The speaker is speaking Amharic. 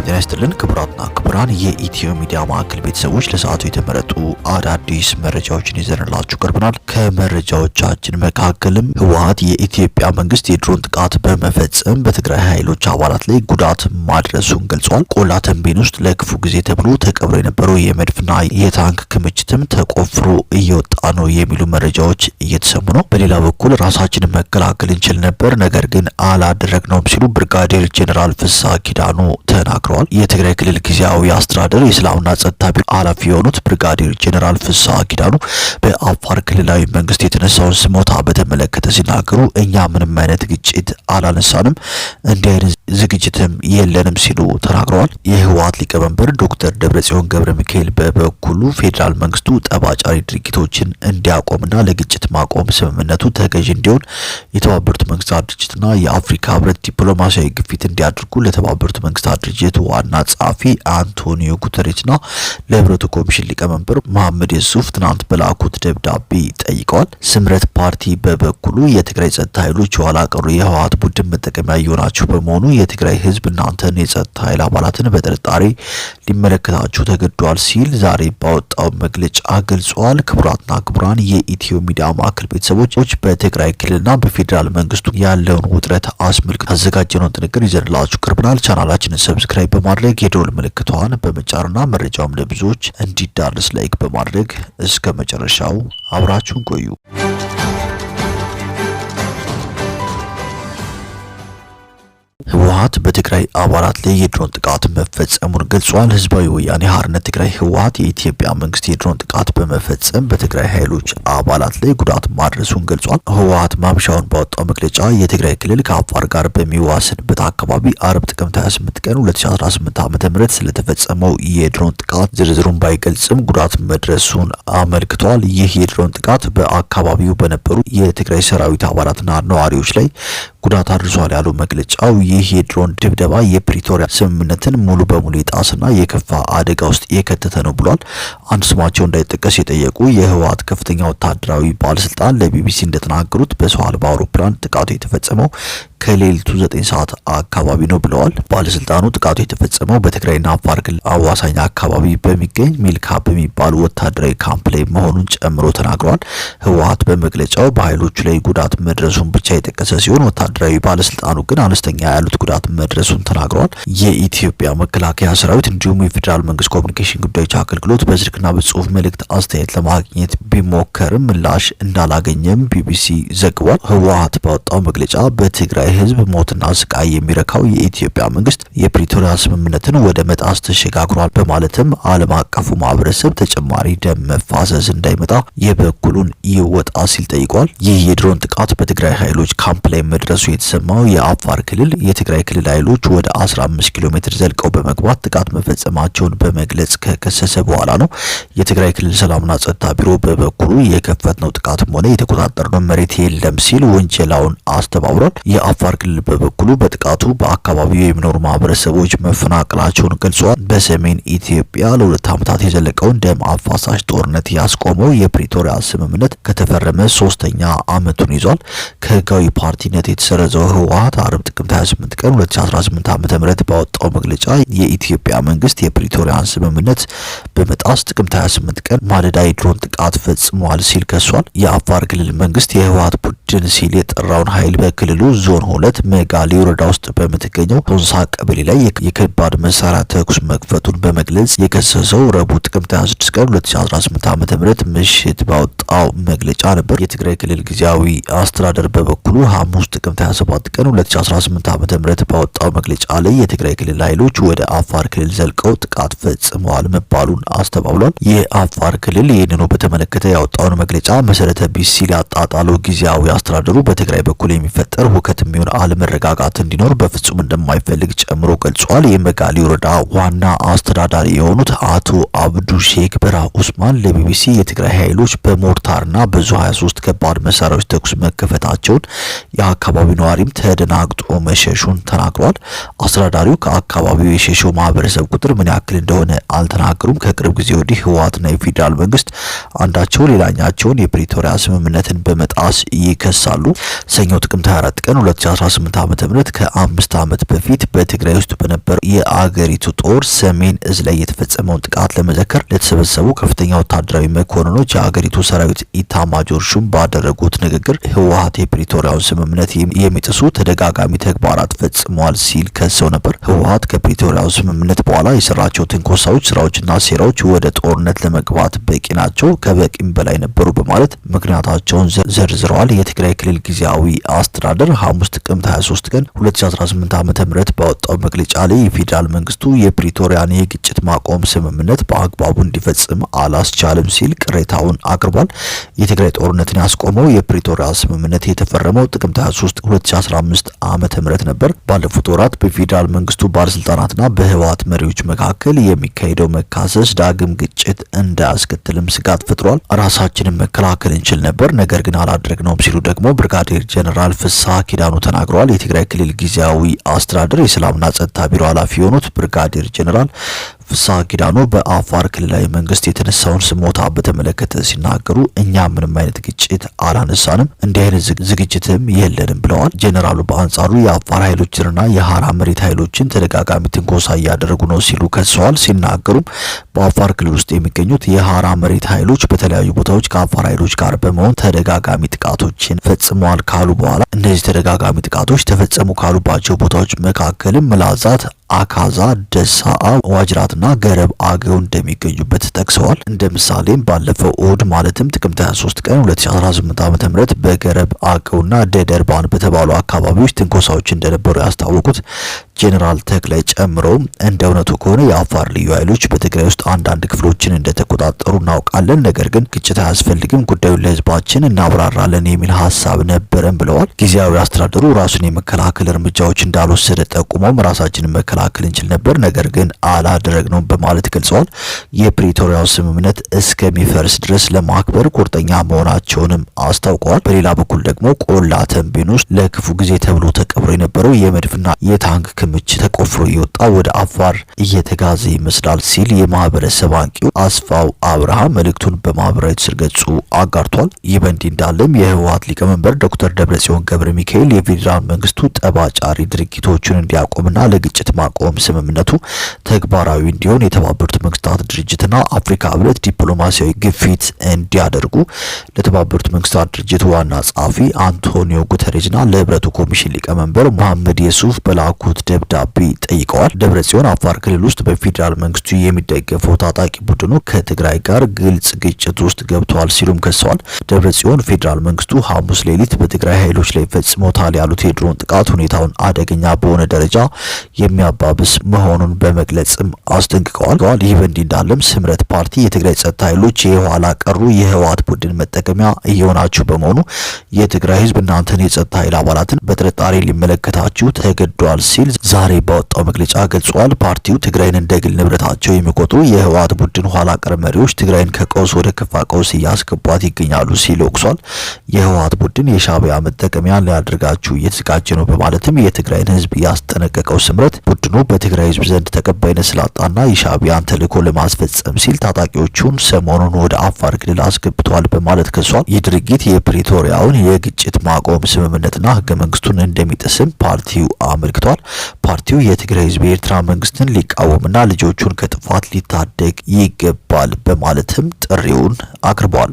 ሰላም ጤና ይስጥልን ክቡራትና ክቡራን የኢትዮ ሚዲያ ማዕከል ቤተሰቦች ለሰዓቱ የተመረጡ አዳዲስ መረጃዎችን ይዘንላችሁ ቀርበናል። ከመረጃዎቻችን መካከልም ህወሀት የኢትዮጵያ መንግስት የድሮን ጥቃት በመፈጸም በትግራይ ኃይሎች አባላት ላይ ጉዳት ማድረሱን ገልጿል። ቆላ ተንቤን ውስጥ ለክፉ ጊዜ ተብሎ ተቀብሮ የነበረው የመድፍና የታንክ ክምችትም ተቆፍሮ እየወጣ ነው የሚሉ መረጃዎች እየተሰሙ ነው። በሌላ በኩል ራሳችንን መከላከል እንችል ነበር፣ ነገር ግን አላደረግነውም ሲሉ ብርጋዴር ጄኔራል ፍሳ ኪዳኑ ተናግ መሆናቸውን የትግራይ ክልል ጊዜያዊ አስተዳደር የሰላምና ጸጥታ ቢሮ ኃላፊ የሆኑት ብርጋዴር ጄኔራል ፍስሐ ኪዳኑ በአፋር ክልላዊ መንግስት የተነሳውን ስሞታ በተመለከተ ሲናገሩ እኛ ምንም አይነት ግጭት አላነሳንም፣ እንዲህ አይነት ዝግጅትም የለንም ሲሉ ተናግረዋል። የህወሀት ሊቀመንበር ዶክተር ደብረጽዮን ገብረ ሚካኤል በበኩሉ ፌዴራል መንግስቱ ጠባጫሪ ድርጊቶችን እንዲያቆምና ለግጭት ማቆም ስምምነቱ ተገዥ እንዲሆን የተባበሩት መንግስታት ድርጅትና የአፍሪካ ህብረት ዲፕሎማሲያዊ ግፊት እንዲያደርጉ ለተባበሩት መንግስታት ድርጅት ዋና ጸሐፊ አንቶኒዮ ጉተሬስ እና ለህብረቱ ኮሚሽን ሊቀመንበር መሐመድ የሱፍ ትናንት በላኩት ደብዳቤ ጠይቀዋል። ስምረት ፓርቲ በበኩሉ የትግራይ ጸጥታ ኃይሎች የኋላ ቀሩ የህወሀት ቡድን መጠቀሚያ እየሆናችሁ በመሆኑ የትግራይ ህዝብ እናንተን የጸጥታ ኃይል አባላትን በጥርጣሬ ሊመለከታችሁ ተገዷል ሲል ዛሬ ባወጣው መግለጫ ገልጿል። ክቡራትና ክቡራን የኢትዮ ሚዲያ ማዕከል ቤተሰቦች በትግራይ ክልልና በፌዴራል መንግስቱ ያለውን ውጥረት አስመልክቶ ያዘጋጀነውን ጥንቅር ይዘንላችሁ ቀርበናል። ቻናላችንን ሰብስክራይብ በማድረግ የደወል ምልክቷን በመጫርና መረጃውም ለብዙዎች እንዲዳረስ ላይክ በማድረግ እስከ መጨረሻው አብራችሁን ቆዩ። ህወሀት በትግራይ አባላት ላይ የድሮን ጥቃት መፈጸሙን ገልጿል። ህዝባዊ ወያኔ ሀርነት ትግራይ ህወሀት የኢትዮጵያ መንግስት የድሮን ጥቃት በመፈጸም በትግራይ ኃይሎች አባላት ላይ ጉዳት ማድረሱን ገልጿል። ህወሀት ማምሻውን ባወጣው መግለጫ የትግራይ ክልል ከአፋር ጋር በሚዋስንበት አካባቢ አርብ ጥቅምት 28 ቀን 2018 ዓ.ም ስለተፈጸመው የድሮን ጥቃት ዝርዝሩን ባይገልጽም ጉዳት መድረሱን አመልክቷል። ይህ የድሮን ጥቃት በአካባቢው በነበሩ የትግራይ ሰራዊት አባላትና ነዋሪዎች ላይ ጉዳት አድርሷል ያለው መግለጫው ይህ የድሮን ድብደባ የፕሪቶሪያ ስምምነትን ሙሉ በሙሉ የጣስና የከፋ አደጋ ውስጥ የከተተ ነው ብሏል። አንድ ስማቸው እንዳይጠቀስ የጠየቁ የህወሓት ከፍተኛ ወታደራዊ ባለስልጣን ለቢቢሲ እንደተናገሩት በሰው አልባ አውሮፕላን ጥቃቱ የተፈጸመው ከሌሊቱ 9 ሰዓት አካባቢ ነው ብለዋል። ባለስልጣኑ ጥቃቱ የተፈጸመው በትግራይና አፋር ክልል አዋሳኝ አካባቢ በሚገኝ ሚልካ በሚባል ወታደራዊ ካምፕ ላይ መሆኑን ጨምሮ ተናግረዋል። ህወሀት በመግለጫው በኃይሎቹ ላይ ጉዳት መድረሱን ብቻ የጠቀሰ ሲሆን ወታደራዊ ባለስልጣኑ ግን አነስተኛ ያሉት ጉዳት መድረሱን ተናግረዋል። የኢትዮጵያ መከላከያ ሰራዊት እንዲሁም የፌዴራል መንግስት ኮሚኒኬሽን ጉዳዮች አገልግሎት በስልክና በጽሁፍ መልእክት አስተያየት ለማግኘት ቢሞከርም ምላሽ እንዳላገኘም ቢቢሲ ዘግቧል። ህወሀት ባወጣው መግለጫ በትግራይ ህዝብ ሞትና ስቃይ የሚረካው የኢትዮጵያ መንግስት የፕሪቶሪያ ስምምነትን ወደ መጣስ ተሸጋግሯል በማለትም ዓለም አቀፉ ማህበረሰብ ተጨማሪ ደም መፋሰስ እንዳይመጣ የበኩሉን ይወጣ ሲል ጠይቋል። ይህ የድሮን ጥቃት በትግራይ ኃይሎች ካምፕ ላይ መድረሱ የተሰማው የአፋር ክልል የትግራይ ክልል ኃይሎች ወደ 15 ኪሎ ሜትር ዘልቀው በመግባት ጥቃት መፈጸማቸውን በመግለጽ ከከሰሰ በኋላ ነው። የትግራይ ክልል ሰላምና ጸጥታ ቢሮ በበኩሉ የከፈትነው ጥቃትም ሆነ የተቆጣጠርነው መሬት የለም ሲል ወንጀላውን አስተባብሯል። አፋር ክልል በበኩሉ በጥቃቱ በአካባቢው የሚኖሩ ማህበረሰቦች መፈናቀላቸውን ገልጿል። በሰሜን ኢትዮጵያ ለሁለት ዓመታት የዘለቀውን ደም አፋሳሽ ጦርነት ያስቆመው የፕሪቶሪያ ስምምነት ከተፈረመ ሶስተኛ ዓመቱን ይዟል። ከህጋዊ ፓርቲነት የተሰረዘው ህወሀት አርብ ጥቅምት 28 ቀን 2018 ዓ ም ባወጣው መግለጫ የኢትዮጵያ መንግስት የፕሪቶሪያን ስምምነት በመጣስ ጥቅምት 28 ቀን ማለዳ የድሮን ጥቃት ፈጽመዋል ሲል ከሷል። የአፋር ክልል መንግስት የህወሀት ቡድን ድል ሲል የጠራውን ኃይል በክልሉ ዞን ሁለት መጋሌ ወረዳ ውስጥ በምትገኘው ሆንሳ ቀበሌ ላይ የከባድ መሳሪያ ተኩስ መክፈቱን በመግለጽ የከሰሰው ረቡዕ ጥቅምት 26 ቀን 2018 ዓ ም ምሽት ባወጣው መግለጫ ነበር። የትግራይ ክልል ጊዜያዊ አስተዳደር በበኩሉ ሐሙስ ጥቅምት 27 ቀን 2018 ዓ ም ባወጣው መግለጫ ላይ የትግራይ ክልል ኃይሎች ወደ አፋር ክልል ዘልቀው ጥቃት ፈጽመዋል መባሉን አስተባብሏል። የአፋር ክልል ይህንኑ በተመለከተ ያወጣውን መግለጫ መሰረተ ቢስ ሲል ያጣጣለው ጊዜያዊ አስተዳደሩ በትግራይ በኩል የሚፈጠር ሁከት የሚሆን አለመረጋጋት እንዲኖር በፍጹም እንደማይፈልግ ጨምሮ ገልጿል። የመጋሌ ወረዳ ዋና አስተዳዳሪ የሆኑት አቶ አብዱ ሼክ በራ ኡስማን ለቢቢሲ የትግራይ ኃይሎች በሞርታርና ብዙ 23 ከባድ መሳሪያዎች ተኩስ መከፈታቸውን የአካባቢው ነዋሪም ተደናግጦ መሸሹን ተናግሯል። አስተዳዳሪው ከአካባቢው የሸሸው ማህበረሰብ ቁጥር ምን ያክል እንደሆነ አልተናገሩም። ከቅርብ ጊዜ ወዲህ ህወሓትና የፌዴራል መንግስት አንዳቸው ሌላኛቸውን የፕሪቶሪያ ስምምነትን በመጣስ ይከ ይከሳሉ። ሰኞ ጥቅምት 24 ቀን 2018 ዓመተ ምህረት ከአምስት ዓመት በፊት በትግራይ ውስጥ በነበረው የአገሪቱ ጦር ሰሜን እዝ ላይ የተፈጸመውን ጥቃት ለመዘከር ለተሰበሰቡ ከፍተኛ ወታደራዊ መኮንኖች የአገሪቱ ሰራዊት ኢታማጆር ሹም ባደረጉት ንግግር ህወሀት የፕሪቶሪያውን ስምምነት የሚጥሱ ተደጋጋሚ ተግባራት ፈጽሟል ሲል ከሰው ነበር። ህወሀት ከፕሪቶሪያው ስምምነት በኋላ የሰራቸው ትንኮሳዎች፣ ስራዎችና ሴራዎች ወደ ጦርነት ለመግባት በቂ ናቸው፣ ከበቂም በላይ ነበሩ በማለት ምክንያታቸውን ዘርዝረዋል። የትግራይ ክልል ጊዜያዊ አስተዳደር ሐሙስ ጥቅምት 23 ቀን 2018 ዓ.ም ባወጣው መግለጫ ላይ የፌዴራል መንግስቱ የፕሪቶሪያን የግጭት ማቆም ስምምነት በአግባቡ እንዲፈጽም አላስቻልም ሲል ቅሬታውን አቅርቧል። የትግራይ ጦርነትን ያስቆመው የፕሪቶሪያ ስምምነት የተፈረመው ጥቅምት 23 2015 ዓ.ም ነበር። ባለፉት ወራት በፌዴራል መንግስቱ ባለስልጣናትና በህወሓት መሪዎች መካከል የሚካሄደው መካሰስ ዳግም ግጭት እንዳያስከትልም ስጋት ፈጥሯል። ራሳችንን መከላከል እንችል ነበር፣ ነገር ግን አላደረግነውም ሲሉ ደግሞ ብርጋዴር ጀነራል ፍስሐ ኪዳኑ ተናግረዋል። የትግራይ ክልል ጊዜያዊ አስተዳደር የሰላምና ጸጥታ ቢሮ ኃላፊ የሆኑት ብርጋዴር ጀነራል ፍስሐ ኪዳኑ በአፋር ክልላዊ መንግስት የተነሳውን ስሞታ በተመለከተ ሲናገሩ እኛ ምንም አይነት ግጭት አላነሳንም፣ እንዲህ አይነት ዝግጅትም የለንም ብለዋል። ጄኔራሉ በአንጻሩ የአፋር ኃይሎችንና የሀራ መሬት ኃይሎችን ተደጋጋሚ ትንኮሳ እያደረጉ ነው ሲሉ ከሰዋል። ሲናገሩም በአፋር ክልል ውስጥ የሚገኙት የሀራ መሬት ኃይሎች በተለያዩ ቦታዎች ከአፋር ኃይሎች ጋር በመሆን ተደጋጋሚ ጥቃቶችን ፈጽመዋል ካሉ በኋላ እነዚህ ተደጋጋሚ ጥቃቶች ተፈጸሙ ካሉባቸው ቦታዎች መካከልም ምላዛት፣ አካዛ፣ ደሳአ፣ ዋጅራትና ገረብ አገው እንደሚገኙበት ጠቅሰዋል። እንደ ምሳሌም ባለፈው እሁድ ማለትም ጥቅምት 23 ቀን 2018 ዓ ም በገረብ አገውና ደደርባን በተባሉ አካባቢዎች ትንኮሳዎች እንደነበሩ ያስታወቁት ጄኔራል ተክላይ ጨምሮ እንደ እውነቱ ከሆነ የአፋር ልዩ ኃይሎች በትግራይ ውስጥ አንዳንድ ክፍሎችን እንደተቆጣጠሩ እናውቃለን። ነገር ግን ግጭት አያስፈልግም፣ ጉዳዩን ለህዝባችን እናብራራለን የሚል ሀሳብ ነበረን ብለዋል። ጊዜያዊ አስተዳደሩ ራሱን የመከላከል እርምጃዎች እንዳልወሰደ ጠቁመውም ራሳችንን መከላ መከላከል እንችል ነበር፣ ነገር ግን አላደረግነውም በማለት ገልጸዋል። የፕሪቶሪያው ስምምነት እስከሚፈርስ ድረስ ለማክበር ቁርጠኛ መሆናቸውንም አስታውቀዋል። በሌላ በኩል ደግሞ ቆላ ተንቤን ውስጥ ለክፉ ጊዜ ተብሎ ተቀብሮ የነበረው የመድፍና የታንክ ክምች ተቆፍሮ እየወጣ ወደ አፋር እየተጋዘ ይመስላል ሲል የማህበረሰብ አንቂው አስፋው አብርሃም መልእክቱን በማህበራዊ ትስስር ገጹ አጋርቷል። ይህ በእንዲህ እንዳለም የህወሀት ሊቀመንበር ዶክተር ደብረጽዮን ገብረ ሚካኤል የፌዴራል መንግስቱ ጠባጫሪ ድርጊቶችን እንዲያቆምና ለግጭት ማ የማቆም ስምምነቱ ተግባራዊ እንዲሆን የተባበሩት መንግስታት ድርጅትና አፍሪካ ህብረት ዲፕሎማሲያዊ ግፊት እንዲያደርጉ ለተባበሩት መንግስታት ድርጅት ዋና ጸሐፊ አንቶኒዮ ጉተሬጅና ለህብረቱ ኮሚሽን ሊቀመንበር መሐመድ የሱፍ በላኩት ደብዳቤ ጠይቀዋል። ደብረ ጽዮን አፋር ክልል ውስጥ በፌዴራል መንግስቱ የሚደገፈው ታጣቂ ቡድኑ ከትግራይ ጋር ግልጽ ግጭት ውስጥ ገብተዋል ሲሉም ከሰዋል። ደብረ ጽዮን ፌዴራል መንግስቱ ሐሙስ ሌሊት በትግራይ ኃይሎች ላይ ፈጽሞታል ያሉት የድሮን ጥቃት ሁኔታውን አደገኛ በሆነ ደረጃ የሚያ የሚያባብስ መሆኑን በመግለጽም አስጠንቅቀዋል። ይህ በእንዲህ እንዳለም ስምረት ፓርቲ የትግራይ ጸጥታ ኃይሎች የኋላ ቀሩ የህወሓት ቡድን መጠቀሚያ እየሆናችሁ በመሆኑ የትግራይ ህዝብ እናንተን የጸጥታ ኃይል አባላትን በጥርጣሬ ሊመለከታችሁ ተገዷል ሲል ዛሬ ባወጣው መግለጫ ገልጿል። ፓርቲው ትግራይን እንደ ግል ንብረታቸው የሚቆጥሩ የህወሓት ቡድን ኋላ ቀር መሪዎች ትግራይን ከቀውስ ወደ ከፋ ቀውስ እያስገቧት ይገኛሉ ሲል ወቅሷል። የህወሓት ቡድን የሻቢያ መጠቀሚያ ሊያደርጋችሁ እየተዘጋጀ ነው በማለትም የትግራይን ህዝብ ያስጠነቀቀው ስምረት ቡድኑ በትግራይ ህዝብ ዘንድ ተቀባይነት ስላጣና የሻዕቢያን ተልእኮ ለማስፈጸም ሲል ታጣቂዎቹን ሰሞኑን ወደ አፋር ክልል አስገብተዋል በማለት ከሷል። ይህ ድርጊት የፕሪቶሪያውን የግጭት ማቆም ስምምነትና ህገ መንግስቱን እንደሚጥስም ፓርቲው አመልክቷል። ፓርቲው የትግራይ ህዝብ የኤርትራ መንግስትን ሊቃወምና ልጆቹን ከጥፋት ሊታደግ ይገባል በማለትም ጥሪውን አቅርቧል።